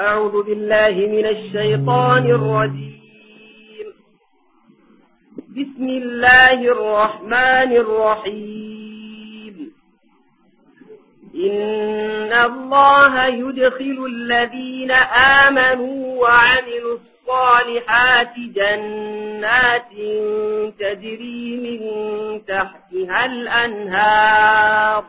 أعوذ بالله من الشيطان الرجيم بسم الله الرحمن الرحيم إن الله يدخل الذين آمنوا وعملوا الصالحات جنات تجري من تحتها الأنهار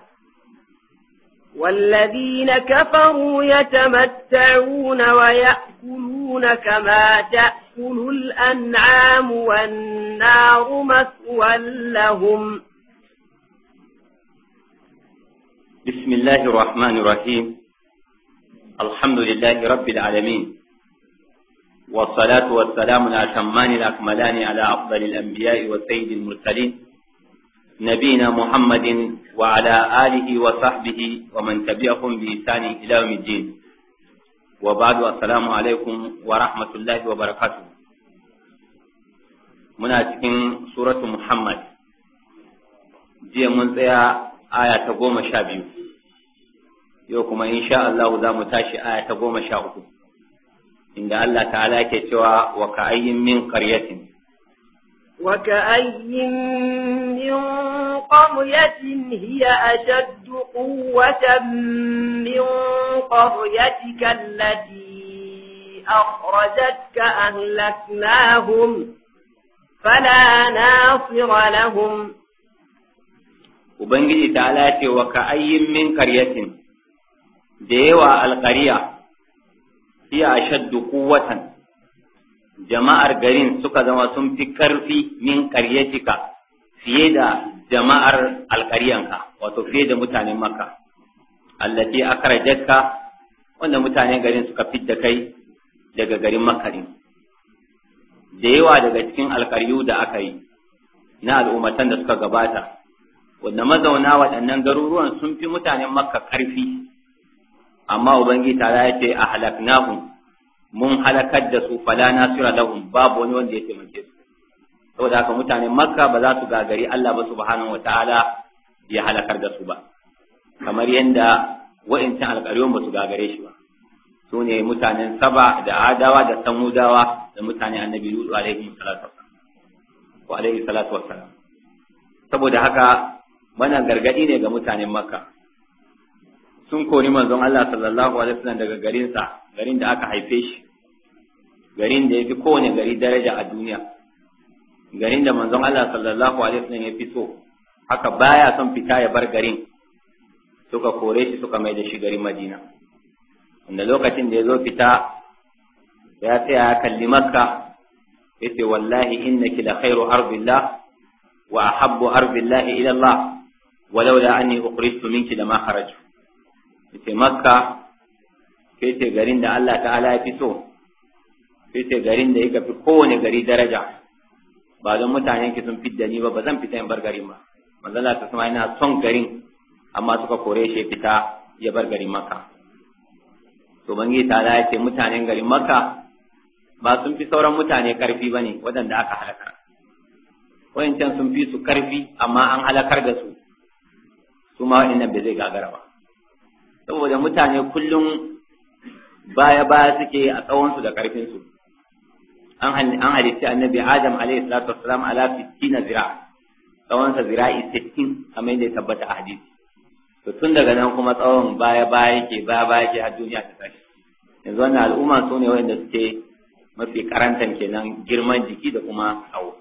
والذين كفروا يتمتعون ويأكلون كما تأكل الأنعام والنار مثوى لهم بسم الله الرحمن الرحيم الحمد لله رب العالمين والصلاة والسلام الأتمان الأكملان على أفضل الأنبياء وسيد المرسلين نبينا محمد وعلى آله وصحبه ومن تبعهم بإحسان إلى يوم الدين وبعد السلام عليكم ورحمة الله وبركاته muna cikin suratu Muhammad jiya mun tsaya aya ta goma sha biyu yau kuma insha Allah za mu tashi aya ta goma sha uku inda Allah ta'ala ke wa min من قرية هي أشد قوة من قريتك التي أخرجتك أهلكناهم فلا ناصر لهم Ubangiji ta lace wa ka min karyatin da yawa alƙariya iya shaddu kuwatan jama'ar garin suka zama sun fi ƙarfi min karyatika fiye da jama'ar alƙaryanka wato fiye da mutanen makka allati akrajatka wanda mutanen garin suka fidda kai daga garin makka din da yawa daga cikin alƙaryu da aka yi na al'ummatan da suka gabata wanda mazauna waɗannan garuruwan sun fi mutanen makka ƙarfi amma ubangiji ta ya ce a halaknahum mun halakar da su fala nasira lahum babu wani wanda ya taimake su saboda haka mutanen makka ba za su gagari Allah ba subhanahu wataala ya halakar da su ba kamar yadda wa'incan alƙaryun ba su gagare shi ba su ne mutanen saba da adawa da samudawa da mutane annabi lutsu alaihi salatu wa alaihi salatu wassalam saboda haka mana gargadi ne ga mutanen makka sun kori manzon Allah sallallahu alaihi wasallam daga garinsa garin da aka haife shi garin da ya fi kowane gari daraja a duniya garin da manzon Allah sallallahu alaihi wasallam ya fito haka baya son fita ya bar garin suka kore shi suka mai da shi garin Madina wanda lokacin da ya zo fita ya tsaya ya kalli Makka yace wallahi innaki la khairu ardillah wa ahabbu ardillah ila Allah walaula anni ukhrijtu minki lama kharaju yace Makka yace garin da Allah ta'ala ya fito yace garin da yake fi kowane gari daraja ba don mutanen ki sun fidda ni ba ba zan fita in bar garin ba manzo Allah ta sama yana son garin amma suka kore shi fita ya bar garin maka. to bangi ta ya ce mutanen garin maka, ba sun fi sauran mutane karfi bane waɗanda aka halakar wayancan sun fi su karfi amma an halakar da su su ma waɗannan bai zai gagara ba saboda mutane kullum baya baya suke a tsawonsu da ƙarfinsu an halitta annabi adam alaihi salatu wassalam ala sittina zira tsawonsa zira 60 kamar yadda ya tabbata a hadisi to tun daga nan kuma tsawon baya baya yake baya baya yake har duniya ta tashi yanzu wannan al'umma su ne wanda suke mafi karantan kenan girman jiki da kuma tsawo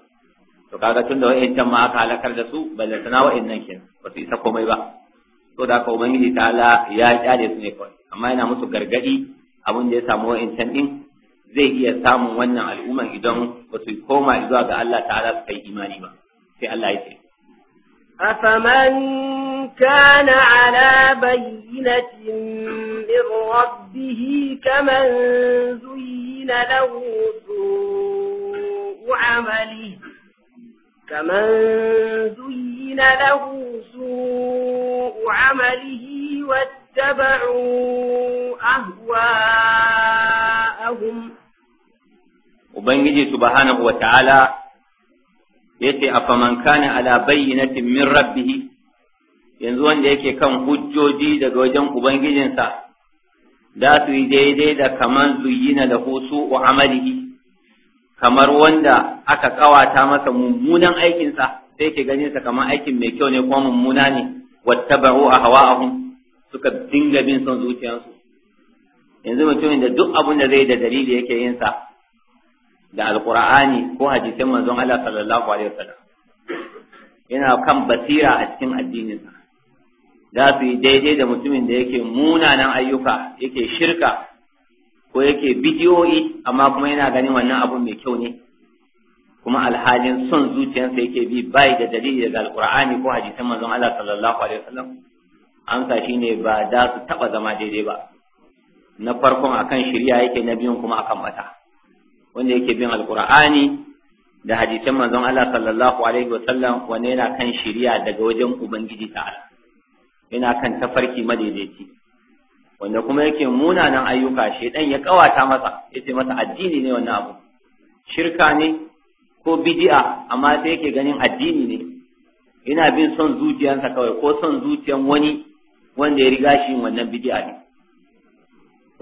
to kaga tun da wa'ancan ma aka halakar da su balle sana wa'annan kenan ba su isa komai ba to da haka ubangiji ala ya kyale su ne kawai amma yana musu gargadi abin da ya samu wa'ancan din zai iya samun wannan al'ummar idan ba su koma zuwa ga Allah ta'ala su kai imani ba sai Allah ya ce أفمن كان على بينة من ربه كمن زين له سوء عمله كمن زين له سوء عمله واتبعوا أهواءه ubangiji subhanahu wa ta'ala yace afaman kana ala bayyinatin min rabbih yanzu wanda yake kan hujjoji daga wajen ubangijinsa da su yi daidai da kaman zuyina da husu wa amalihi kamar wanda aka kawata masa mummunan aikinsa sai ke ganin sa kamar aikin mai kyau ne kuma mummuna ne wattabahu ahwa'ahum suka dinga bin son zuciyarsu yanzu mutumin da duk abin da zai da dalili yake yin sa da alqur'ani ko hadisin manzon Allah sallallahu alaihi wasallam yana kan basira a cikin addininsa za su yi daidai da mutumin da yake munanan ayyuka yake shirka ko yake bidiyoyi amma kuma yana ganin wannan abun mai kyau ne kuma alhalin son zuciyarsa yake bi bai da dalili daga alkur'ani ko hadisin manzon Allah sallallahu alaihi wasallam amsa shine ba za su taba zama daidai ba na farkon akan shirya yake na biyun kuma akan bata wanda yake bin alqur'ani da hadisan manzon Allah sallallahu alaihi wasallam wanda yana kan shiriya daga wajen ubangiji ta'ala yana kan tafarki madaidaici wanda kuma yake munanan ayyuka shedan ya kawata masa yace masa addini ne wannan abu shirka ne ko bid'a amma sai yake ganin addini ne yana bin son zuciyarsa kawai ko son zuciyar wani wanda ya riga shi wannan bid'a ne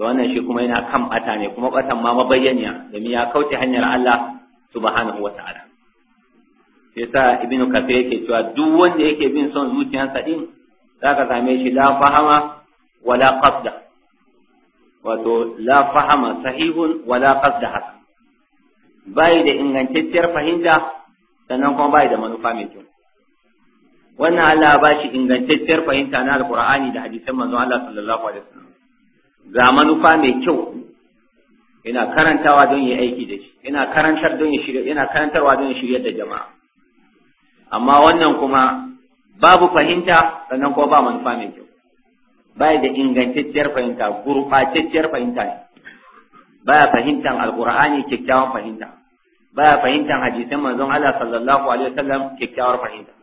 to wannan shi kuma yana kan bata ne kuma batan ma mabayyaniya domin ya kauce hanyar Allah subhanahu wata'ala sai sa ibnu kafir yake cewa duk wanda yake bin son zuciyarsa din zaka same shi la fahama wala qasda wato la fahama sahihun wala qasda hasan bai da ingantacciyar fahimta sannan kuma bai da manufa mai kyau wannan Allah ba shi ingantacciyar fahimta na alqur'ani da hadisan manzon Allah sallallahu alaihi wasallam ga manufa mai kyau ina karantawa don yi aiki da shi ina karantar don yi shirya ina karantarwa don yi shiryar da jama'a amma wannan kuma babu fahimta sannan kuma ba manufa mai kyau baya da ingantacciyar fahimta gurbatacciyar fahimta ne baya fahimtan alqur'ani kyakkyawar fahimta baya fahimtan hadisin manzon Allah sallallahu alaihi wasallam kyakkyawar fahimta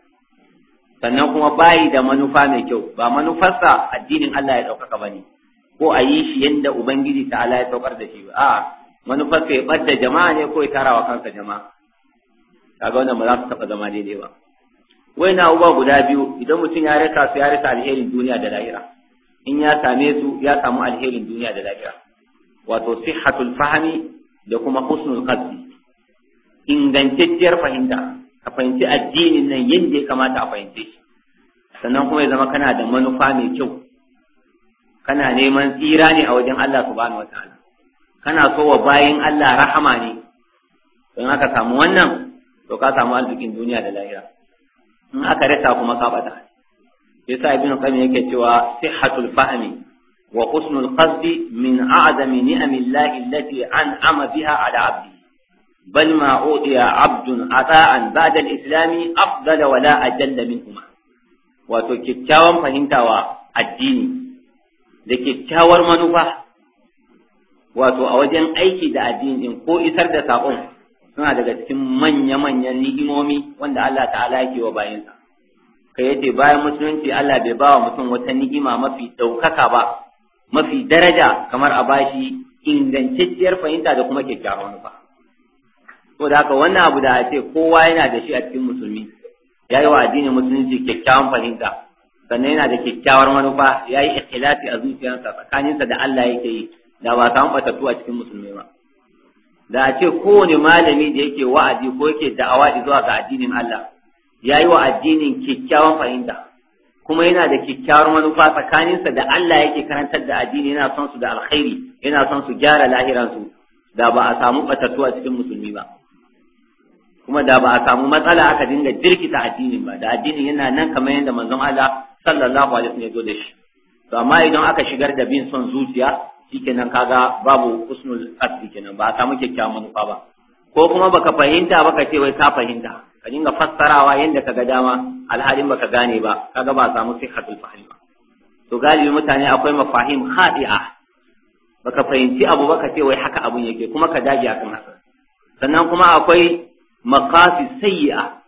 sannan kuma bayi da manufa mai kyau ba manufarsa addinin Allah ya ɗaukaka ba ne ko a yi shi yadda ubangiji ta ala ya saukar da shi a manufar ka ya ɓadda jama'a ne ko ya tara wa kanka jama'a kaga wannan ba za su taɓa zama daidai ba wai na uba guda biyu idan mutum ya rika su ya rika alherin duniya da lahira in ya same su ya samu alherin duniya da lahira wato sihhatul fahmi da kuma husnul qalbi ingantacciyar fahimta a fahimci addinin nan yadda ya kamata a fahimce sannan kuma ya zama kana da manufa mai kyau kana neman tsira ne a wajen Allah subhanahu wataala kana so wa bayin Allah rahama ne In aka samu wannan to ka samu arzikin duniya da lahira in aka rasa kuma ka bata yasa ibnu qayyim yake cewa sihhatul fahmi wa husnul qasdi min a'zami ni'amillahi allati an'ama biha ala 'abdi بل ما أوتي عبد islami بعد الإسلام أفضل ولا أجل منهما وتكتاوم فهمتوا addini. da kyakkyawar manufa wato a wajen aiki da addini din ko isar da saƙon suna daga cikin manya-manyan ni'imomi wanda Allah ta'ala yake wa bayansa ka yace bayan musulunci Allah bai bawa mutum wata ni'ima mafi ɗaukaka ba mafi daraja kamar a bashi ingantacciyar fahimta da kuma kyakkyawar manufa da haka wannan abu da a ce kowa yana da shi a cikin musulmi ya yi wa addinin musulunci kyakkyawan fahimta sannan yana da kyakkyawar manufa ya yi ikhlasi a zuciyarsa tsakaninsa da Allah yake yi da ba samu batattu a cikin musulmai ba da a ce kowane malami da yake wa'azi ko yake da'awa zuwa ga addinin Allah ya yi wa addinin kyakkyawan fahimta kuma yana da kyakkyawar manufa tsakaninsa da Allah yake karantar da addini yana son su da alkhairi yana son su gyara lahiransu da ba a samu batattu a cikin musulmi ba kuma da ba a samu matsala aka dinga jirkita addinin ba da addinin yana nan kamar yadda manzon Allah sallallahu alaihi wasallam ya zo da shi to amma idan aka shigar da bin son zuciya shikenan kaga babu usnul qasd kenan ba a samu kyakkyawan manufa ba ko kuma baka fahimta baka ce wai ka fahimta ka dinga fassarawa yadda kaga dama alhalin baka gane ba kaga ba a samu sihhatul fahim ba to galibi mutane akwai mafahim hadi'a baka fahimci abu baka ce wai haka abun yake kuma ka dage akan haka sannan kuma akwai maqasid sayyi'a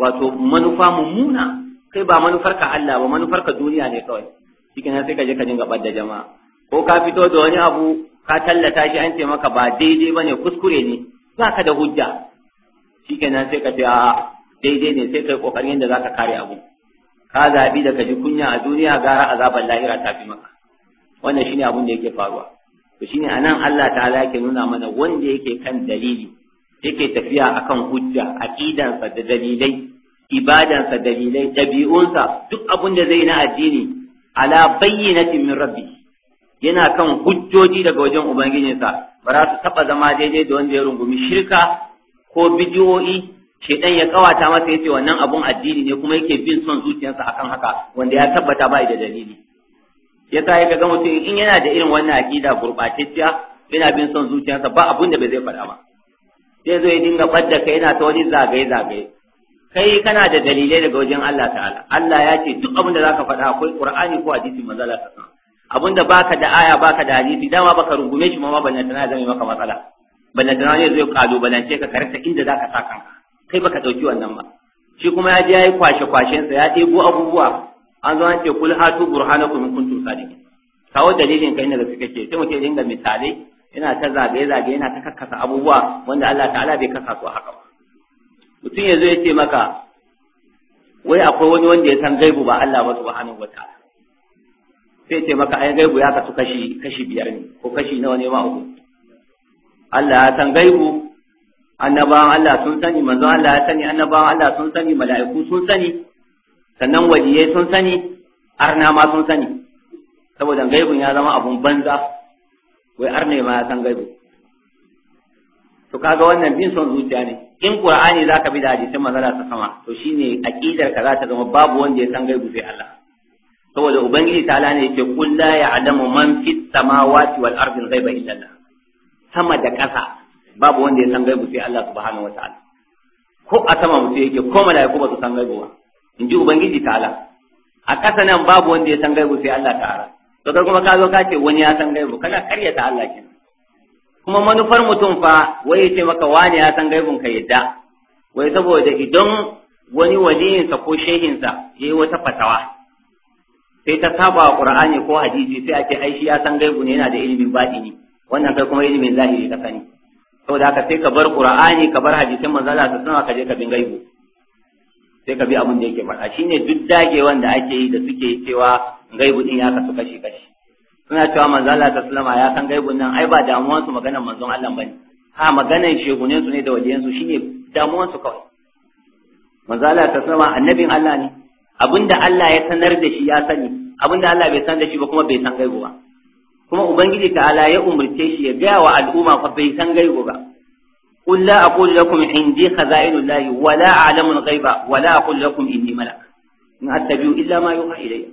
wato manufa mummuna kai ba manufarka Allah ba manufarka duniya ne kawai cikin sai ka je ka dinga badda jama'a ko ka fito da wani abu ka tallata shi an ce maka ba daidai bane kuskure ne ba ka da hujja shikenan sai ka ce a daidai ne sai kai kokarin yadda zaka kare abu ka zabi da ka ji kunya a duniya gara azaban lahira ta fi maka wannan shine abun da yake faruwa to shine anan Allah ta'ala yake nuna mana wanda yake kan dalili yake tafiya akan hujja aqidansa da dalilai ibadansa dalilai dabi'unsa, duk abin da zai na addini ala bayyinatin min rabbi yana kan hujjoji daga wajen sa ba za su taɓa zama daidai da wanda ya rungumi shirka ko bidiyo'i shedan ya kawata masa yace wannan abun addini ne kuma yake bin son zuciyarsa akan haka wanda ya tabbata bai da dalili yasa yake ga mutum in yana da irin wannan aqida gurbatacciya yana bin son zuciyarsa ba abun da bai zai faɗa ba zai zo ya dinga ɓadda kai yana ta wani zagaye-zagaye kai kana da dalilai daga wajen Allah ta'ala Allah ya ce duk abin da zaka faɗa akwai Qur'ani ko hadisi manzo Allah ta'ala abin da baka da aya baka da hadisi dama baka rungume shi ma ban tana zai maka matsala ban tana ne zai zo ce ka karanta inda zaka sa kanka kai baka dauki wannan ba shi kuma ya je yayi kwashe kwashen sa ya ɗebo abubuwa an zo an ce kul hatu burhanakum in kuntum sadiqin kawo dalilin kai ne da kake ce sai mutum dinga misalai yana ta zagaye-zagaye yana ta kakkasa abubuwa wanda Allah ta'ala bai kasa su haka mutum ya zo ya ce maka wai akwai wani wanda ya san gaibu ba Allah ba subhanahu wataala sai ce maka ai gaibu ya kasu kashi kashi biyar ne ko kashi nawa ne ma uku Allah ya san gaibu annabawan Allah sun sani manzo Allah ya sani annabawan Allah sun sani mala'iku sun sani sannan waliyai sun sani arna ma sun sani saboda gaibun ya zama abun banza wai arne ma ya san gaibu to kaga wannan bin son zuciya ne in qur'ani zaka bi da hadisin manzo ta sama to shine aqidar ka za ta zama babu wanda ya san gaibu sai Allah saboda ubangiji ta ne yake kul la ya'lamu man fis samawati wal ardi ghaiba illa Allah sama da ƙasa babu wanda ya san gaibu sai Allah subhanahu wataala ko a sama mutum yake ko mala'iku ba su san gaibu ba in ji ubangiji ta a ƙasa nan babu wanda ya san gaibu sai Allah ta'ala to kar kuma ka zo ka ce wani ya san gaibu kana karyata Allah ke kuma manufar mutum fa wai ce maka wani ya san gaibun ka yadda wai saboda idan wani waliyinsa ko shehinsa ya yi wata fatawa sai ta saba wa qur'ani ko hadisi sai a ce ai shi ya san gaibu ne yana da ilimin batini wannan kai kuma ilimin zahiri ka sani saboda haka sai ka bar qur'ani ka bar hadisin manzo Allah sallallahu ka je ka bin gaibu sai ka bi abin da yake faɗa shine duk dage wanda ake yi da suke cewa gaibu din ya kasu kashi kashi suna cewa manzo Allah ta sallama ya san gaibun nan ai ba damuwan su maganar manzon Allah bane ha maganar shegunen su ne da wajen su shine damuwan su kawai manzo Allah ta sallama annabin Allah ne abinda Allah ya sanar da shi ya sani abinda Allah bai san da shi ba kuma bai san gaibu ba kuma ubangiji ta ala ya umurce shi ya gaya wa al'umma ko bai san gaibu ba قل لا أقول لكم عندي خزائن الله ولا أعلم الغيب ولا أقول لكم إني ملك إن أتبع إلا ما يوحى إلي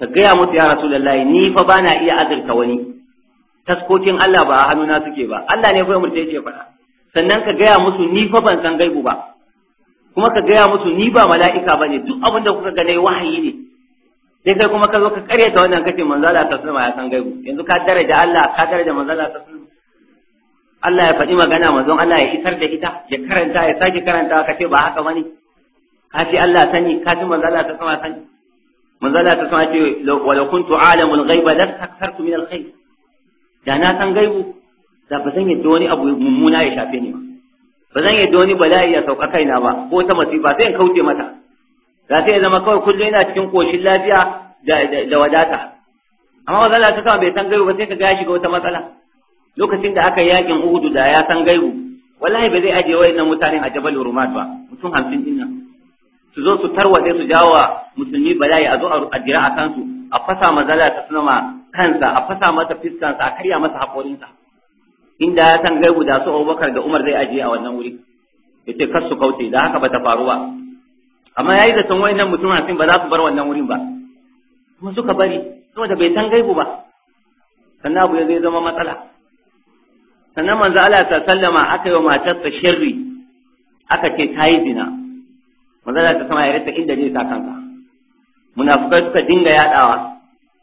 فقيا مت يا رسول الله ني فبانا إيا أذر كوني تسكوتين الله با هنونا سكي با الله نفو يمر تيجي فلا sannan قيا gaya ني فبان سنغيب با kuma ka gaya musu ni ba mala'ika bane duk abin da kuka gane wahayi ne sai kai kuma ka zo ka karyata wannan kace manzala ta sunma ya san gaibu yanzu ka daraja Allah ka daraja manzala ta sallama Allah ya faɗi magana manzon Allah ya isar da ita ya karanta ya sake karanta ka ce ba haka bane ka ce Allah sani ka ce mazala Allah ta sama sani manzon Allah ta sama ce wa la kuntu alamul ghaiba lastaktartu min alkhair da na san gaibu da ba zan yadda wani abu mummuna ya shafe ni ba ba zan yadda wani bala'i ya sauka kaina ba ko ta masifa sai in kauce mata za sai ya zama kawai kullum yana cikin koshin lafiya da wadata amma mazala ta sama bai san gaibu ba sai ka ga ya shiga wata matsala lokacin da aka yakin Uhud da ya san gaibu wallahi ba zai aje wayannan mutanen a Jabal Rumat ba mutum hamsin din nan su zo su tarwade su jawo musulmi bala'i a zo a jira a kansu a fasa mazala ta sunama kansa a fasa masa fiskansa a karya masa haƙorinsa inda ya san gaibu da su Abubakar da Umar zai aje a wannan wuri yace kar su kauce da haka bata faru ba amma yayi da san wayannan mutum hamsin ba za su bar wannan wurin ba kuma suka bari saboda bai san gaibu ba sannan abu ya zai zama matsala sannan manzo Allah ta sallama aka yi matar ta sharri aka ce ta yi zina manzo Allah ta sama ya rasa inda zai sa kansa munafukai suka dinga yadawa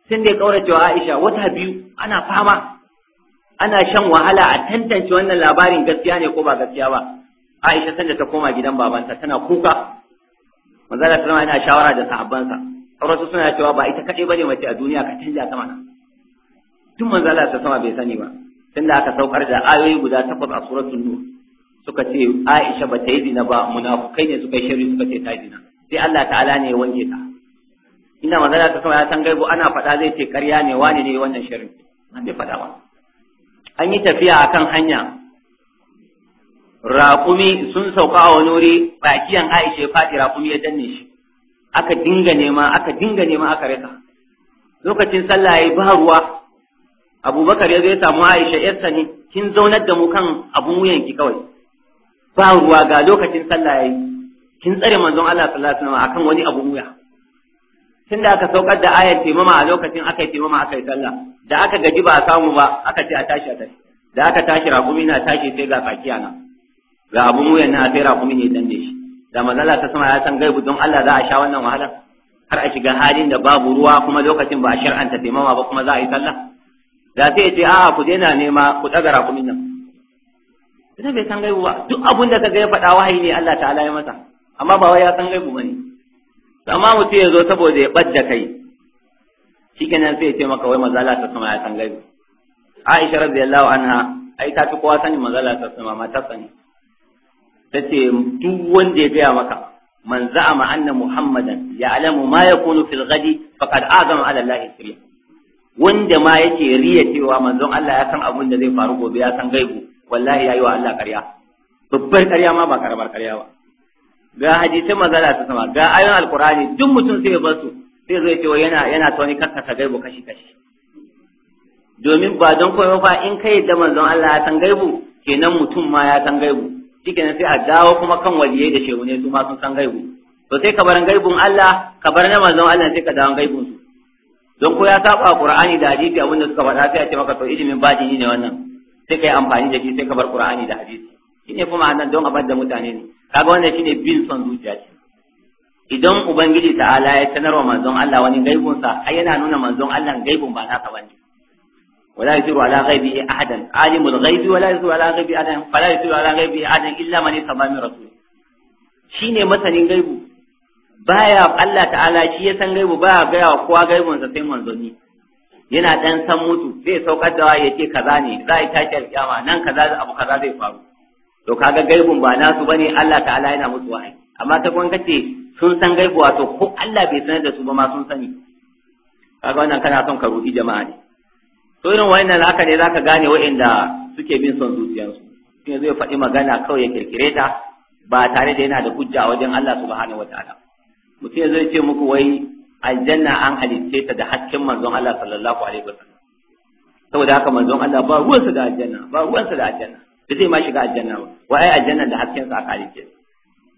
sun dai kauracewa Aisha wata biyu ana fama ana shan wahala a tantance wannan labarin gaskiya ne ko ba gaskiya ba Aisha sanda ta koma gidan babanta tana kuka manzo Allah ta sama yana shawara da sahabbansa sauransu suna cewa ba ita kaɗai bane mace a duniya ka canja ta mana tun manzo Allah ta sama bai sani ba tunda aka saukar da ayoyi guda takwas a suratul nur suka ce Aisha ba ta yi zina ba munafukai ne suka yi shiri suka ce ta zina sai Allah ta'ala ne ya wanke ta ina magana ta kuma ya san gaibu ana faɗa zai ce ƙarya ne wani ne wannan shirin an bai faɗa ba an yi tafiya akan hanya raƙumi sun sauka a wani wuri bakiyan Aisha ya faɗi raƙumi ya danne shi aka dinga nema aka dinga nema aka rika lokacin sallah yi ba ruwa abubakar ya zo ya samu aisha yarsa ne kin zaunar da mu kan abun wuyanki kawai ba ruwa ga lokacin sallah yayi kin tsare manzon Allah sallallahu alaihi wasallam akan wani abun wuya tunda aka saukar da ayar taimama a lokacin aka yi taimama aka yi sallah da aka gaji ba a samu ba aka ce a tashi a tashi da aka tashi raƙumi na tashi sai ga kakiya na ga abun wuyan na sai raƙumi ne dan shi da manzala ta sama ya san gaibu don Allah za a sha wannan wahala har a shiga halin da babu ruwa kuma lokacin ba a shar'anta taimama ba kuma za a yi sallah da sai ya ce a'a ku daina nema ku daga ku nan ita bai san gaibu ba duk abin da kaga ya faɗa wahayi ne Allah ta'ala ya masa amma ba wai ya san gaibu bane amma mutum ya zo saboda ya ɓadda kai kenan sai ya ce maka wai mazala ta sama ya san gaibu Aisha radiyallahu anha ai ta fi kowa sanin mazala ta sama ma ta sani tace duk wanda ya gaya maka man za'ama anna muhammadan ya'lamu ma yakunu fil ghadi faqad azama ala allahi sirri wanda ma yake riya cewa manzon Allah ya san abin da zai faru gobe ya san gaibu wallahi yi wa Allah ƙarya babbar ƙarya ma ba karamar ƙarya ba ga hadisi mazala ta sama ga ayon alqur'ani duk mutum sai ya bar su sai zai ce yana yana ta wani ta gaibu kashi kashi domin ba don koyo fa in kai da manzon Allah ya san gaibu kenan mutum ma ya san gaibu shikenan sai a dawo kuma kan waliyai da shehu ne su ma sun san gaibu to sai ka bar gaibun Allah ka bar na manzon Allah sai ka dawo gaibun don ko ya saba qur'ani da hadisi abinda suka faɗa sai a ce maka to ilimin baji ne wannan sai kai amfani da shi sai ka bar qur'ani da hadisi shine kuma anan don a da mutane ne kaga wannan shine bin son zuciya ce idan ubangiji ta'ala ya wa manzon Allah wani gaibun sa ai yana nuna manzon Allah gaibun ba nasa bane wala yasiru ala ghaibi ahadan alimul ghaibi wala yasiru ala ghaibi ahadan fala yasiru ala ghaibi ahadan illa man yasma min rasul shine masanin gaibu baya Allah ta'ala shi ya san gaibu baya gaya wa kowa gaibun sa sai ni yana dan san mutu zai saukar da ya ce kaza ne za a yi tashi alƙiyama nan kaza abu kaza zai faru to kaga gaibun ba nasu bane Allah ta'ala yana musu wahayi amma ta kun kace sun san gaibu wato ko Allah bai sanar da su ba ma sun sani kaga wannan kana son ka ruɗi jama'a ne to irin wayannan haka ne zaka gane wayanda suke bin son zuciyarsu shi zai faɗi magana kawai ya kirkire ta ba tare da yana da hujja a wajen Allah subhanahu wataala mutum zai ce muku wai aljanna an halitte ta da hakkin manzon Allah sallallahu alaihi wasallam saboda haka manzon Allah ba ruwansa da aljanna ba ruwansa da aljanna da zai ma shiga aljanna ba wa ai aljanna da hakkin sa aka halitte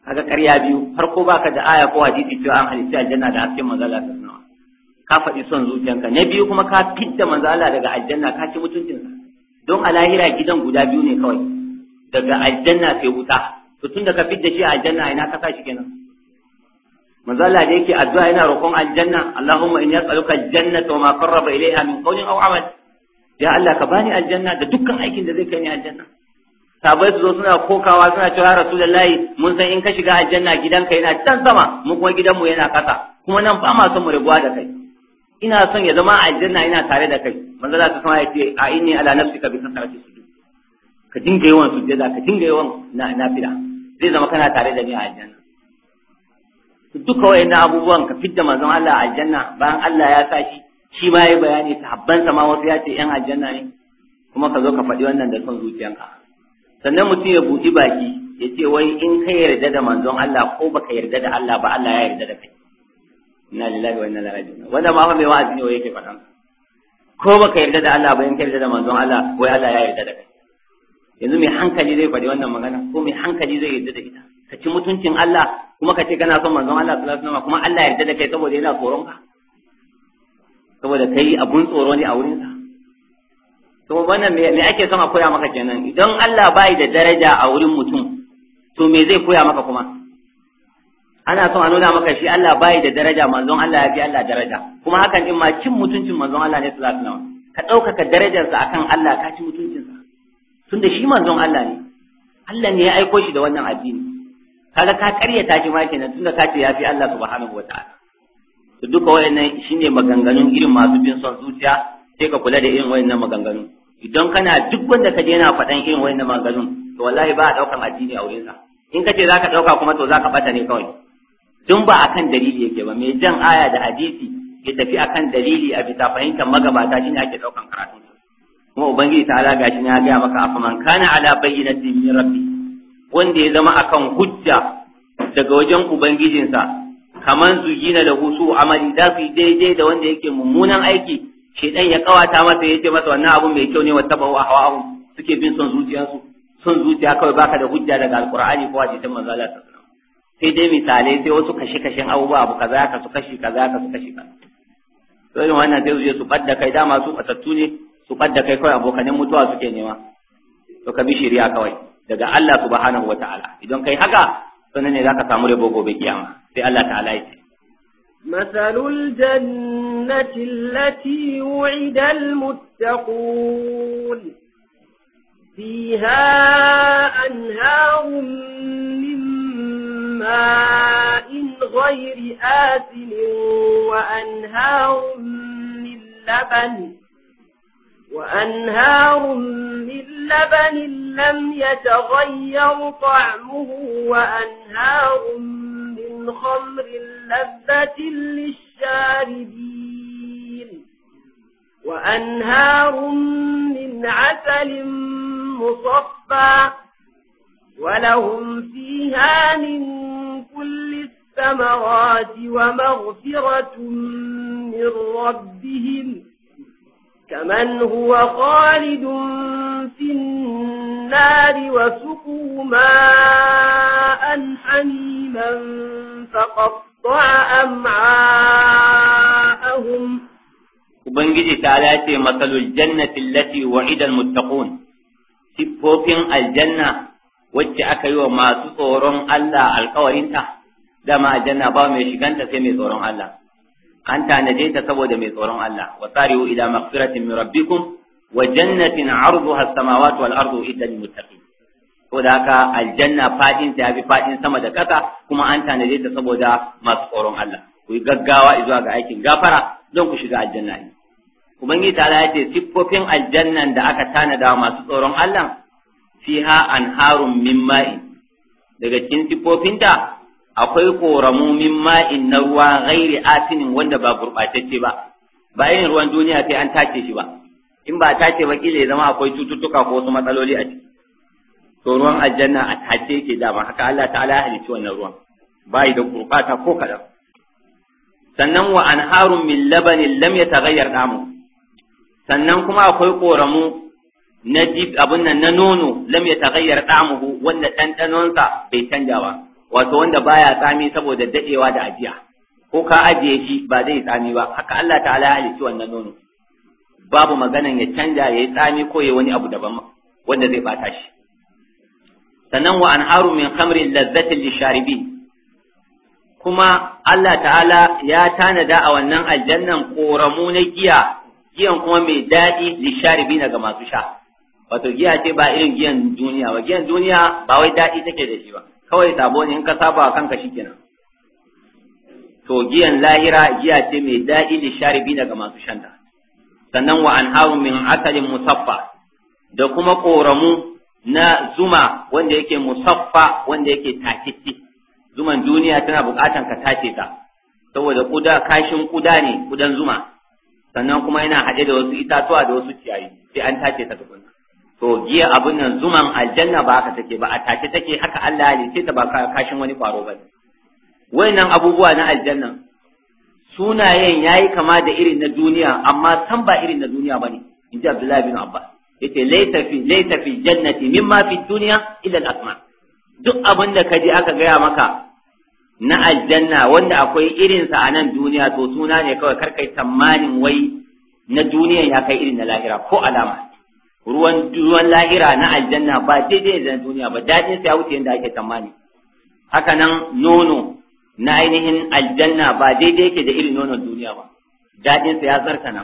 kaga ƙarya biyu farko baka da aya ko hadisi cewa an halitta aljanna da hakkin manzon Allah sallallahu alaihi wasallam ka faɗi son zuciyanka na biyu kuma ka fidda manzon Allah daga aljanna ka ci mutuncinsa don a lahira gidan guda biyu ne kawai daga aljanna sai wuta to tun da ka fidda shi a aljanna ina ka sa shi kenan manzo Allah da yake addu'a yana roƙon aljanna Allahumma inni as'aluka aljannata wa ma qarraba ilayha min qawlin aw amal ya Allah ka bani aljanna da dukkan aikin da zai kai ni aljanna sabai su zo suna kokawa suna cewa ya rasulullahi mun san in ka shiga aljanna gidanka yana can sama mu kuma gidanmu yana kasa kuma nan ba ma son mu riguwa da kai ina son ya zama aljanna ina tare da kai manzo Allah ta sama ya ce a inni ala nafsika bi kasarati sujud ka dinga yawan sujjada ka dinga yawan na nafila zai zama kana tare da ni a aljanna duka na abubuwan ka fidda manzon Allah a aljanna bayan Allah ya sa shi shi ma yayi bayani ta habban ma wasu ya ce yan aljanna ne kuma ka zo ka faɗi wannan da son zuciyanka sannan mutum ya buɗi baki ya ce wai in ka yarda da manzon Allah ko baka yarda da Allah ba Allah ya yarda da kai inna lillahi wa inna ilaihi raji'un wanda ma fa mai wa'azi ne yake faɗan ko baka yarda da Allah ba in ka yarda da manzon Allah wai Allah ya yarda da kai yanzu mai hankali zai faɗi wannan magana ko mai hankali zai yarda da ita ka ci mutuncin Allah kuma ka ce kana son manzon Allah sallallahu alaihi wasallam kuma Allah ya yarda da kai saboda yana tsoron ka saboda kai abun tsoro ne a wurin sa to wannan me ake son a koya maka kenan idan Allah bai da daraja a wurin mutum to me zai koya maka kuma ana son a nuna maka shi Allah bai da daraja manzon Allah ya fi Allah daraja kuma hakan din ma cin mutuncin manzon Allah ne sallallahu alaihi wasallam ka ɗaukaka darajarsa akan Allah ka ci mutuncinsa tunda shi manzon Allah ne Allah ne ya aiko shi da wannan addini kaga ka karya shi ma kenan tunda ka ce yafi Allah subhanahu wataala to duka wayannan shine maganganun irin masu bin son zuciya sai ka kula da irin wayannan maganganun idan kana duk wanda ka je yana faɗan irin wayannan maganganun to wallahi ba a daukan addini a wurinsa in ka ce zaka dauka kuma to zaka bata ne kawai tun ba akan dalili yake ba mai jan aya da hadisi ya tafi akan dalili a bisa fahimtar magabata shine ake daukan karatun kuma ubangiji ta ala gashi ya ga maka afaman kana ala bayyinatin min rabbi wanda ya zama akan hujja daga wajen ubangijinsa kaman gina da husu amali za su yi daidai da wanda yake mummunan aiki shedan ya kawata masa ya ce masa wannan abun mai kyau ne a hawa abun suke bin son zuciyarsu son zuciya kawai baka da hujja daga alkur'ani ko hadisin manzo Allah sallallahu alaihi sai dai misalai sai wasu kashe kashen abubuwa abu kaza ka su kashi kaza ka su kashi ka to irin wannan sai su je su badda kai dama su fatattu ne su badda kai kawai abokanin mutuwa suke nema to ka bi shari'a kawai daga Allah subhanahu wa ta'ala idan kai haka sannan ne zaka samu rabo gobe kiyama sai Allah ta'ala yake masalul jannati allati wu'ida almuttaqun fiha فيها أنهار من ماء غير آسن وأنهار من لبن وأنهار من لبن لم يتغير طعمه وأنهار من خمر لذة للشاربين وأنهار من عسل مصفى ولهم فيها من كل الثمرات ومغفرة من ربهم كمن هو خالد في النار وسقوا ماء حميما فقطع أمعاءهم وبنجد تعالى مثل الجنة التي وعد المتقون سبوكين الجنة وجعك يوم ما تصورون الله على القوارين تح دما جنة بامي شكانت سيمي صورون الله an tanade ta saboda mai tsoron Allah wa sari'u ila maghfiratin min rabbikum wa jannatin 'arduha as-samawati wal ardu iddat lil muttaqin da haka aljanna fadin ta yafi fadin sama da kasa kuma an tanade ta saboda masu tsoron Allah ku yi gaggawa zuwa ga aikin gafara don ku shiga aljanna ne ubangiji ta ya ce siffofin aljannan da aka tanada masu tsoron Allah fiha anharun min ma'i daga cikin siffofinta akwai koramu min ma'in na ruwa ghairi asinin wanda ba gurbatacce ba bayan ruwan duniya sai an tace shi ba in ba tace ba kila ya zama akwai cututtuka ko wasu matsaloli a ciki to ruwan aljanna a tace yake dama haka Allah ta'ala ya halicci wannan ruwan bai da gurbata ko kadan sannan wa anharun min labanin lam yataghayyar damu sannan kuma akwai koramu na dib abun nan na nono lam yataghayyar damu wanda ɗanɗanonsa bai canja ba wato wanda baya tsami saboda dadewa da ajiya ko ka ajiye shi ba zai tsami ba haka Allah ta'ala ya halicci wannan nono babu maganan ya canja yayi tsami ko yayi wani abu daban wanda zai bata shi Sanan wa haru min khamrin lazzatin lisharibin kuma Allah ta'ala ya tanada a wannan aljannan koramu na giya giyan kuma mai daɗi na ga masu sha wato giya ce ba irin giyan duniya ba giyan duniya ba wai daɗi take da shi ba kawai sabo in ka saba kanka shikenan to giyan lahira giya ce mai daɗi da sharibi daga masu shanta sannan wa anharun min asalin musaffa da kuma ƙoramu na zuma wanda yake musaffa wanda yake takitti zuman duniya tana bukatan ka tace ta saboda kuda kashin kuda ne kudan zuma sannan kuma yana haɗe da wasu itatuwa da wasu ciyayi sai an tace ta tukunna to giya abin nan zuman aljanna ba haka take ba a tashi take haka Allah ya halice ta ba kashin wani faro ba wayannan abubuwa na aljanna sunayen yayi kama da irin na duniya amma san ba irin na duniya bane inji Abdullahi bin Abbas yace laita fi laita fi jannati mimma fi dunya illa al-asma duk abin da kaji aka gaya maka na aljanna wanda akwai irinsa a nan duniya to suna ne kawai karkai tamanin wai na duniya ya kai irin na lahira ko alama ruwan ruwan lahira na aljanna ba daidai zan duniya ba dadin sai wuce yanda ake tsammani haka nan nono na ainihin aljanna ba daidai yake da irin nonon duniya ba dadin sa ya zartana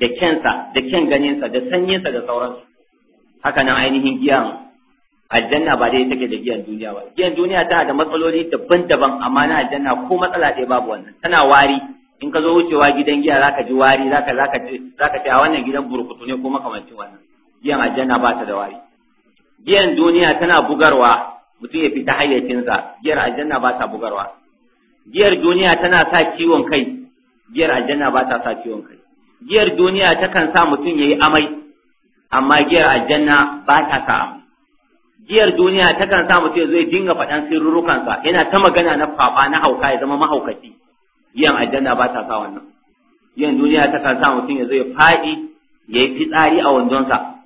da kensa da ken ganinsa da sanyinsa da sauransu haka nan ainihin giyan aljanna ba daidai take da giyan duniya ba giyan duniya tana da matsaloli daban-daban amma na aljanna ko matsala ɗaya babu wannan tana wari in ka zo wucewa gidan giya zaka ji wari zaka zaka zaka ce a wannan gidan burkutu ne ko makamancin wannan giyan aljanna ba ta da wari giyan duniya tana bugarwa mutum ya fita hayyacinsa giyar aljanna ba ta bugarwa giyar duniya tana sa ciwon kai giyar aljanna ba ta sa ciwon kai giyar duniya takan sa mutum yayi amai amma giyar aljanna ba ta sa amai giyar duniya takan sa mutum zai dinga faɗan sirrukansa yana ta magana na fafa na hauka ya zama mahaukaci giyan aljanna ba ta sa wannan giyan duniya takan sa mutum ya zai faɗi ya yi fitsari a wandonsa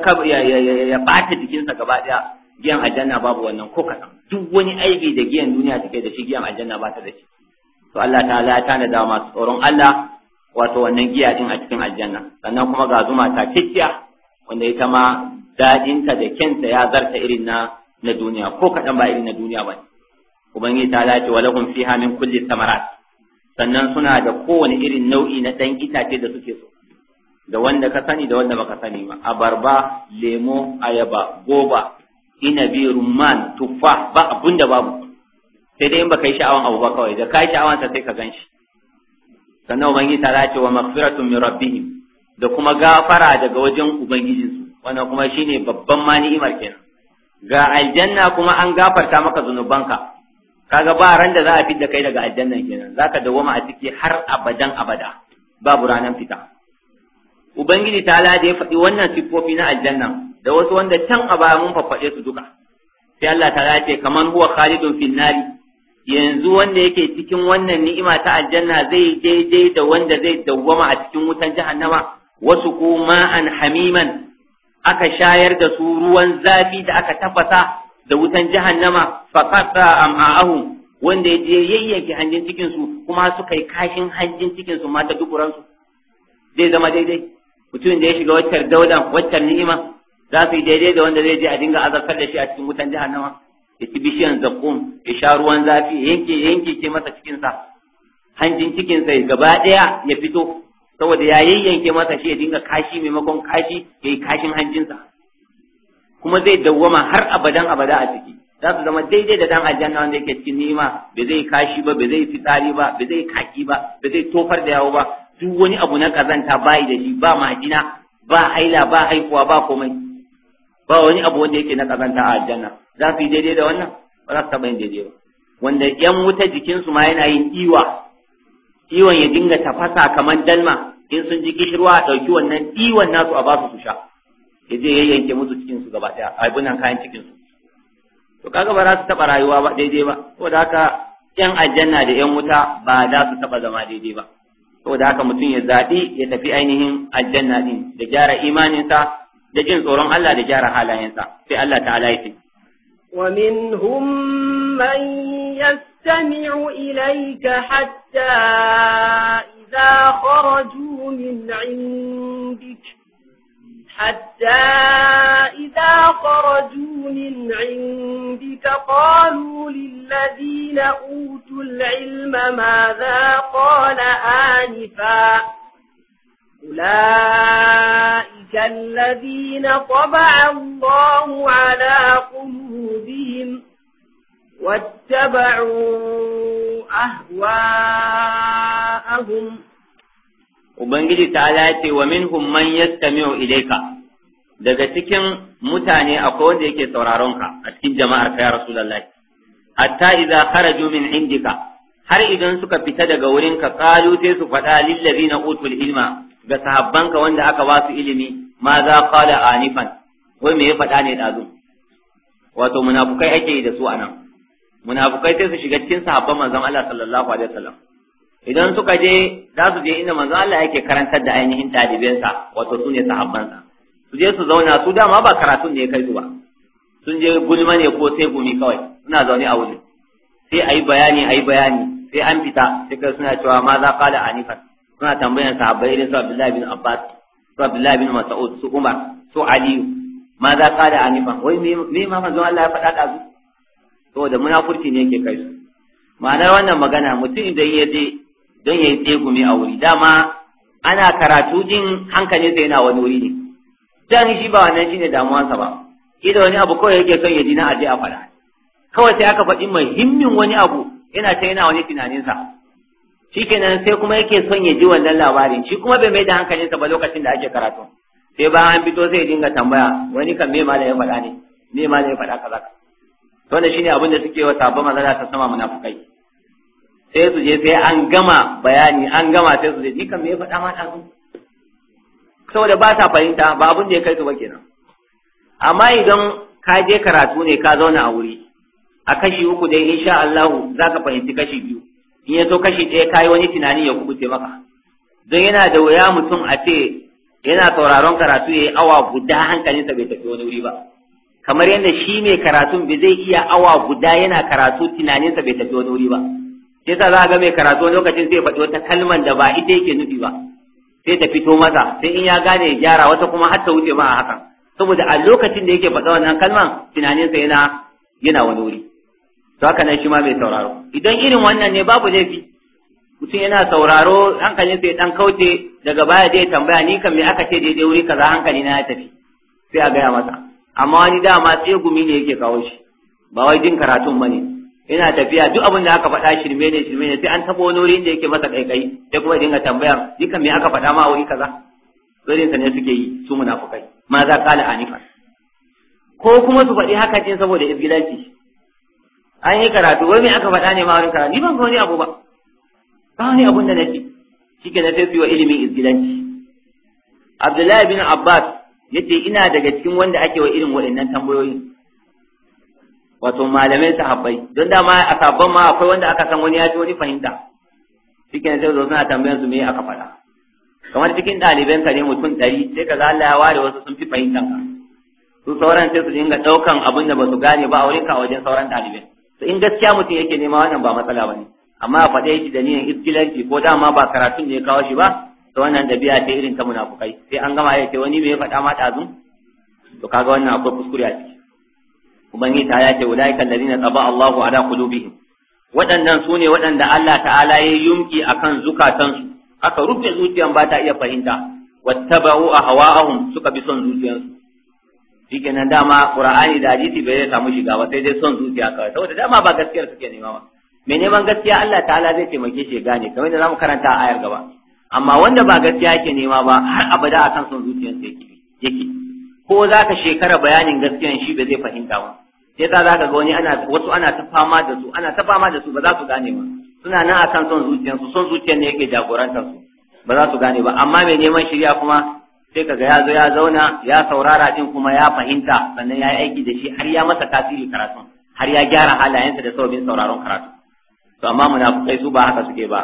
ta ya ya bata jikinsa gaba daya giyan aljanna babu wannan ko kasan duk wani aibi da giyan duniya take da shi giyan aljanna bata ta da shi to Allah ta'ala ya tana da masu tsoron Allah wato wannan giya din a cikin aljanna sannan kuma ga zuma ta kikkiya wanda ita ma daɗinta da kenta ya zarta irin na na duniya ko kaɗan ba irin na duniya ba ubangiji ta lace wa lahum fiha min kulli samarat sannan suna da kowane irin nau'i na ɗan itace da suke so da wanda ka sani da wanda baka sani ba abarba lemo ayaba goba inabi rumman tufa ba abun babu sai dai in baka yi sha'awan abu ba kawai da kai sha'awan sa sai ka ganshi sannan ubangiji ta ce wa maghfiratun min rabbihim da kuma gafara daga wajen ubangijinsu wannan kuma shine babban ma ni'imar kenan ga aljanna kuma an gafarta maka zunubanka kaga ba ran da za a fidda kai daga aljanna kenan zaka dawoma a ciki har abadan abada babu ranan fita ubangiji ta da ya faɗi wannan siffofi na aljanna da wasu wanda can a baya mun faɗe su duka sai Allah ta ce kaman huwa khalidun fil nari yanzu wanda yake cikin wannan ni'ima ta aljanna zai daidai da wanda zai dawwama a cikin wutan jahannama wasu kuma an hamiman aka shayar da su ruwan zafi da aka tafasa da wutan jahannama faqata am'a'ahum wanda ya je yayyanke hanjin cikin su kuma suka yi kashin hanjin cikin su ma da zai zama daidai mutumin da ya shiga waccar daudan waccar ni'ima za su yi daidai da wanda zai je a dinga azabtar da shi a cikin wutan jahannama ya ci bishiyan zakkum ya sha ruwan zafi ya yanke ke masa cikinsa hanjin cikinsa gaba ɗaya ya fito saboda ya yayyanke masa shi ya dinga kashi maimakon kashi ya yi kashin hanjinsa kuma zai dawwama har abadan abada a ciki za su zama daidai da dan aljanna wanda yake cikin ni'ima ba zai kashi ba ba zai fitsari ba ba zai kaki ba ba zai tofar da yawo ba duk wani abu na kazanta ba da shi ba majina ba haila ba haihuwa ba komai ba wani abu wanda yake na kazanta a aljanna za su yi daidai da wannan ba za su taɓa yin daidai ba wanda yan wuta jikinsu ma yana yin iwa iwon ya dinga tafasa kamar dalma in sun ji kishirwa a ɗauki wannan iwon nasu a ba su su sha ya je ya yanke musu cikinsu gaba ɗaya abunan kayan cikinsu to kaga ba za su taɓa rayuwa ba daidai ba saboda haka yan aljanna da yan wuta ba za su taɓa zama daidai ba saboda haka mutum ya zaɓi ya tafi ainihin aljanna din da gyara imaninsa da jin tsoron Allah da gyara halayensa sai Allah ta'ala ya ce ومنهم من يستمع إليك حتى إذا خرجوا من عندك حتى إذا خرجوا من عندك قالوا للذين أوتوا العلم ماذا قال آنفا أولئك الذين طبع الله على قلوبهم واتبعوا أهواءهم ubangiji ta ce wa minhum man yastami'u ilayka daga cikin mutane akwai wanda yake sauraron ka a cikin jama'ar ka ya rasulullahi hatta idza kharaju min indika har idan suka fita daga wurin ka qalu sai su faɗa lil ladina utul ilma ga ka wanda aka ba su ilimi ma za qala anifan wai me ya faɗa ne dazu wato munafukai ake da su anan munafukai sai su shiga cikin sahabban manzon Allah sallallahu alaihi wasallam idan suka je za su je inda manzo Allah yake karantar da ainihin ɗalibansa wato sune ne sahabbansa su je su zauna su dama ba karatun ne kai su ba sun je gulma ne ko sai gumi kawai suna zaune a wuri sai ayi bayani ayi bayani sai an fita sai kai suna cewa ma za qala anifa suna tambayan sahabbai irin su Abdullah bin Abbas su Abdullah bin Mas'ud su Umar su Aliyu ma za qala anifa wai me ma manzo Allah ya faɗa da su saboda munafurci ne yake kai su ma'anar wannan magana mutum idan ya je don ya yi tsegumi a wuri dama ana karatu din sai yana wani wuri ne dan shi ba wannan shine damuwansa ba kila wani abu kawai yake son ya ji na aje a fara kawai sai aka faɗi muhimmin wani abu yana ta yana wani tunaninsa shikenan sai kuma yake son ya ji wannan labarin shi kuma bai mai da hankalinsa ba lokacin da ake karatu sai ba an fito sai ya dinga tambaya wani kan me malam faɗa ne me malam faɗa kaza ka? wannan shine abin da suke wa sabon manzala ta sama munafukai sai su je sai an gama bayani an gama sai su je ni kan me faɗa ma ɗazu saboda ba sa fahimta ba abin da ya kai su ba kenan amma idan ka je karatu ne ka zauna a wuri a kashi uku dai insha Allah za ka fahimci kashi biyu in ya zo kashi ɗaya kayi wani tunani ya kubuce maka don yana da wuya mutum a ce yana sauraron karatu ya yi awa guda hankalinsa bai tafi wani wuri ba kamar yadda shi mai karatun bai zai iya awa guda yana karatu tunaninsa bai tafi wani wuri ba yasa za a ga mai karatu wani lokacin zai faɗi wata kalman da ba ita yake nufi ba sai ta fito masa sai in ya gane ya gyara wata kuma har ta wuce ma a hakan saboda a lokacin da yake faɗa wannan kalman tunaninsa yana yana wani wuri to haka nan shi ma mai sauraro idan irin wannan ne babu laifi mutum yana sauraro hankalin sai dan kauce daga baya zai tambaya ni kan me aka ce daidai wuri kaza hankali na ya tafi sai a gaya masa amma wani dama tsegumi ne yake kawo shi ba wai jin karatun ba ne. Ina tafiya duk abin da aka faɗa shirme ne shirme ne sai an tabo wani wuri inda yake masa kaikai sai kuma dinga tambayar duka me aka faɗa ma wuri kaza irin sa ne suke yi su munafukai ma za kala anifa ko kuma su faɗi haka din saboda izgilanci an yi karatu wai me aka faɗa ne ma wani karatu ni ban ga wani abu ba ba wani abun da nake shike na sai su yi wa ilimin izgilanci Abdullahi bin Abbas yace ina daga cikin wanda ake wa irin waɗannan tambayoyin wato malamai sahabbai don dama a sabon ma akwai wanda aka san wani ya ji wani fahimta cikin sai zo suna tambayar su me aka faɗa kamar cikin ɗaliban ka ne mutum ɗari sai ka ga Allah ya ware wasu sun fi fahimtan ka su sauran sai su dinga ɗaukan abin da ba su gane ba a wurin ka wajen sauran ɗaliban to in gaskiya mutum yake nema wannan ba matsala ba ne amma a faɗe shi da niyan iskilanci ko dama ba karatun ne ya kawo shi ba to wannan biya ta irin ta munafukai sai an gama ya ce wani me ya faɗa ma ɗazu to kaga wannan akwai kuskure a ciki ubangiji ta yace ulaika ladina taba Allahu ala qulubihim waɗannan su ne waɗanda Allah ta'ala ya yumki akan zukatansu aka rufe zuciyan ba ta iya fahimta wattaba'u ahwa'ahum suka bi son zuciyansu shikenan dama qur'ani da hadisi bai samu shiga ba sai dai son zuciya kawai saboda dama ba gaskiyar suke nema ba mai neman gaskiya Allah ta'ala zai taimake shi gane kamar yadda zamu karanta a ayar gaba amma wanda ba gaskiya yake nema ba har abada akan son zuciyarsa yake yake ko zaka shekara bayanin gaskiyan shi ba zai fahimta ba sai ta za ka ga wani ana wasu ana ta fama da su ana ta fama da su ba za su gane ba suna nan a kan son su son zuciyar ne yake jagorantar su ba za su gane ba amma mai neman shirya kuma sai ga ya zo ya zauna ya saurara din kuma ya fahimta sannan ya yi aiki da shi har ya masa tasiri karatu har ya gyara halayensa da sabbin sauraron karatu to amma munafukai su ba haka suke ba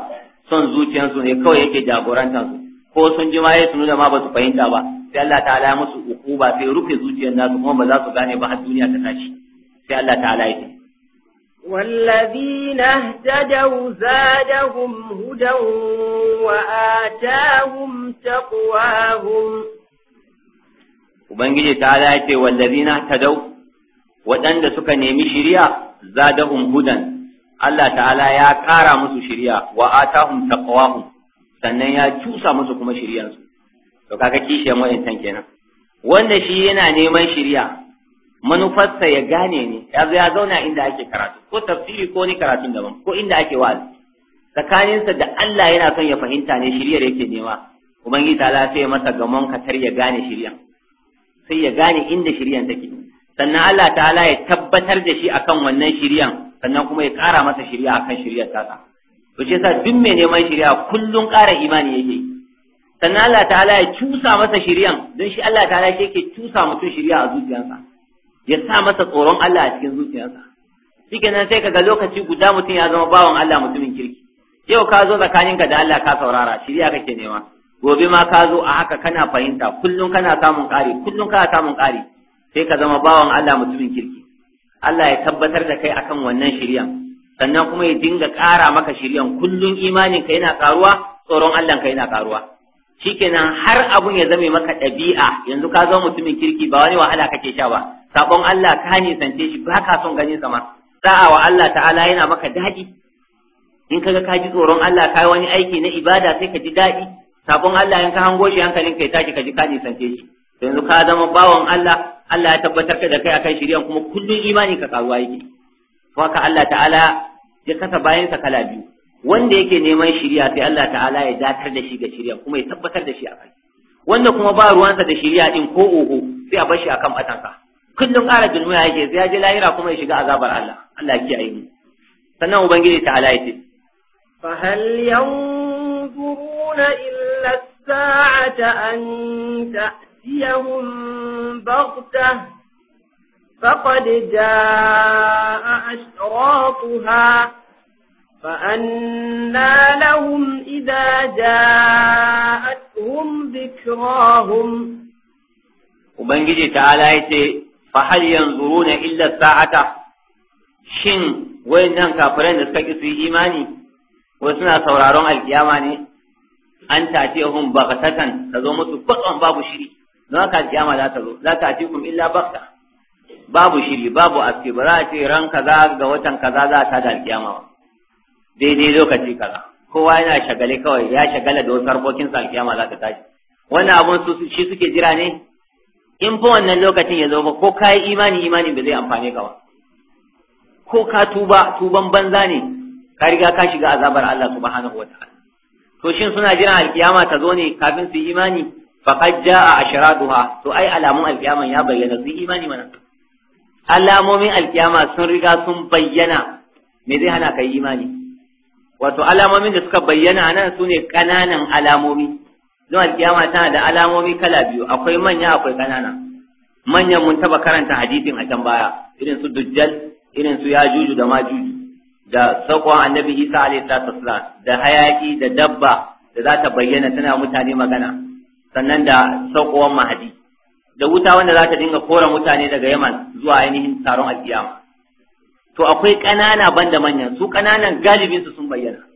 son zuciyarsu ne kawai yake jagorantar su ko sun ji ma su nuna ma ba su fahimta ba sai Allah ta'ala ya musu ukuba sai rufe zuciyar nasu kuma ba za su gane ba har duniya ta tashi sai Allah ta'ala ya ce والذين اهتدوا زادهم هدى وآتاهم تقواهم Ubangiji ta ala ce wallazina tadau waɗanda suka nemi shiriya zadahum hudan Allah ta'ala ya ƙara musu shiriya wa atahum taqwahum sannan ya cusa musu kuma shiriyansu to kaga kishiyan wa'intan kenan wanda shi yana neman shiriya manufarsa ya gane ne ya zo ya zauna inda ake karatu ko tafsiri ko ni karatun daban ko inda ake wa'azi tsakaninsa da Allah yana son ya fahimta ne shiryar yake nema ubangiji ta lafiya masa gamon katar ya gane shiryan sai ya gane inda shiryan take sannan Allah ta'ala ya tabbatar da shi akan wannan shiryan sannan kuma ya kara masa shirya akan shiryar tasa to shi yasa duk mai neman shirya kullun kara imani yake sannan Allah ta'ala ya cusa masa shiryan don shi Allah ta'ala shi yake cusa mutum shirya a zuciyarsa ya sa masa tsoron Allah a cikin zuciyarsa shi nan sai kaga lokaci guda mutum ya zama bawan Allah mutumin kirki yau ka zo tsakaninka da Allah ka saurara shirya kake nema gobe ma ka zo a haka kana fahimta kullum kana samun ƙari kullum kana samun ƙari sai ka zama bawan Allah mutumin kirki Allah ya tabbatar da kai akan wannan shiryan sannan kuma ya dinga ƙara maka shiryan kullum imaninka yana ƙaruwa tsoron allah ka yana ƙaruwa shikenan har abun ya zame maka ɗabi'a yanzu ka zama mutumin kirki ba wani wahala kake sha ba sabon Allah ka ne sance shi ba ka son ganin sa ma sa'a wa Allah ta'ala yana maka daɗi in kaga ka ji tsoron Allah ka wani aiki na ibada sai ka ji daɗi sabon Allah in ka hango shi hankalin ka tashi ka ji ka ne sance shi yanzu ka zama bawan Allah Allah ya tabbatar da kai akan shirya kuma kullun imani ka karuwa yake to haka Allah ta'ala ya kasa bayansa kala biyu wanda yake neman shirya sai Allah ta'ala ya datar da shi ga shirya kuma ya tabbatar da shi a kai wanda kuma ba ruwansa da shirya din ko oho sai a bar shi akan matansa kullum ƙara ya yake sai ya je lahira kuma ya shiga azabar Allah Allah ya kiyaye mu sannan ubangiji ta ala yake fa hal yanzuruna illa saata an ta'tiyahum baghtah فقد جاء أشراطها فأنا لهم إذا جاءتهم ذكراهم Ubangiji ta'ala ya ce, fa hal yanzuruna illa sa'ata shin wai wayannan kafirai da suka ki su yi imani wai suna sauraron alkiyama ne an tace hun bagatatan ta zo musu kwatsan babu shiri don haka alkiyama za ta zo za ta ati kum illa bagta babu shiri babu aske ba za a ce ran kaza ga watan kaza za ta da alkiyama ba daidai lokaci kaza kowa yana shagale kawai ya shagala da wasu harkokinsa alkiyama za ta tashi wannan abun su shi suke jira ne in fa wannan lokacin ya zo ba ko kayi imani imani ba zai amfane ka ba ko ka tuba tuban banza ne ka riga ka shiga azabar Allah subhanahu wataala to shin suna jiran alkiyama ta zo ne kafin su yi imani faqad jaa ashraduha to ai alamun alkiyama ya bayyana su imani mana alamomin alkiyama sun riga sun bayyana me zai hana ka yi imani wato alamomin da suka bayyana nan sune kananan ƙananan alamomi zuwa kiyama tana da alamomi kala biyu akwai manya akwai ƙanana. manyan mun taba karanta hadisin a can baya irin su dujjal irin su yajuju da majuju da sakon annabi isa alayhi salatu wassalam da hayaki da dabba da za ta bayyana tana mutane magana sannan da saukowar mahadi da wuta wanda za ta dinga kora mutane daga yaman zuwa ainihin taron alkiyama to akwai ƙanana banda manyan su ƙananan galibin su sun bayyana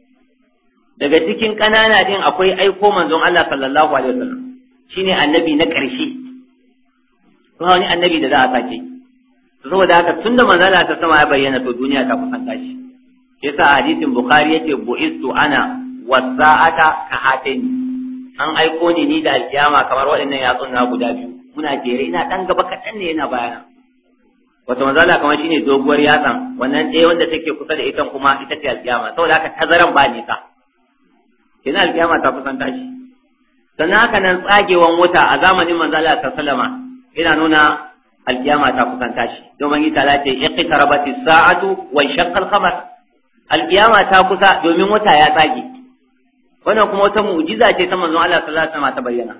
daga cikin ƙanana din akwai aiko manzon Allah sallallahu alaihi wasallam shine annabi na ƙarshe ba wani annabi da za a sake saboda haka tunda manzon Allah ta sama ya bayyana to duniya ta kusanta shi yasa hadisin bukhari yake bu'istu ana wasa'ata ka hatani an aiko ni ni da alkiyama kamar waɗannan yatsun na guda biyu muna jere ina dan gaba kaɗan ne yana bayana wata manzala kamar shine doguwar yatsan wannan ɗaya wanda take kusa da ita kuma ita ce alkiyama saboda haka tazaran ba nisa Kina alkiyama ta kusan tashi sannan haka nan tsagewan wuta a zamanin manzo Allah sallama yana nuna alkiyama ta kusan tashi domin ita la ce iqtarabati sa'atu wa shaqqa al-qamar alkiyama ta kusa domin wuta ya tsage wannan kuma wata mu'jiza ce ta manzo Allah sallallahu alaihi wasallam ta bayyana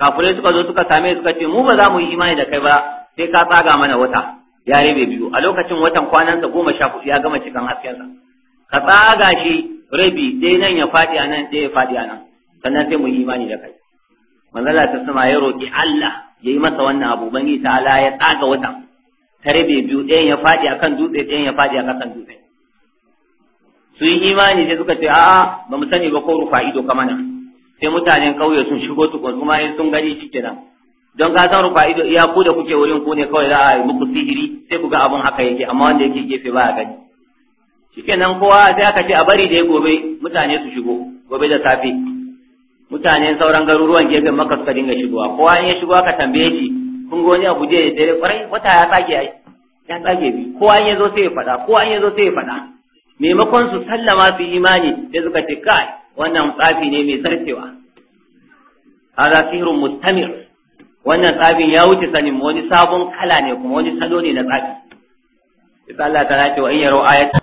kafirai suka zo suka same suka ce mu ba za mu yi imani da kai ba sai ka tsaga mana wuta ya rabe biyu a lokacin watan kwanansa goma sha hudu ya gama cikin haskensa ka tsaga shi rabi dai nan ya faɗi a nan dai ya faɗi a nan sannan sai mu yi imani da kai manzala ta sama ya roƙi Allah ya yi masa wannan abu bangi ta ala ya tsaga wata ta rabe biyu ɗayan ya faɗi a kan dutse ɗayan ya faɗi a kan dutse su yi imani sai suka ce a'a ba mu sani ba ko rufa ido kama nan sai mutanen ƙauye sun shigo tukun kuma in sun gani shi kenan don ka san rufa ido iya ku da kuke wurin ku ne kawai za a yi muku sihiri sai ku ga abun haka yake amma wanda yake gefe ba a gani shikenan kowa sai aka ce a bari da gobe mutane su shigo gobe da safe mutane sauran garuruwan gefen maka suka dinga shigowa kowa in ya shigo aka tambaye shi kun ga wani abu je da dare kwarai wata ya tsage ai ya tsage bi kowa in ya zo sai ya faɗa kowa in ya zo sai ya faɗa maimakon su sallama su imani sai suka ce kai wannan tsafi ne mai zartewa hada sihrun mustamir wannan tsafin ya wuce sanin wani sabon kala ne kuma wani salo ne na tsafi sai Allah ta ce wa in yaro ayatan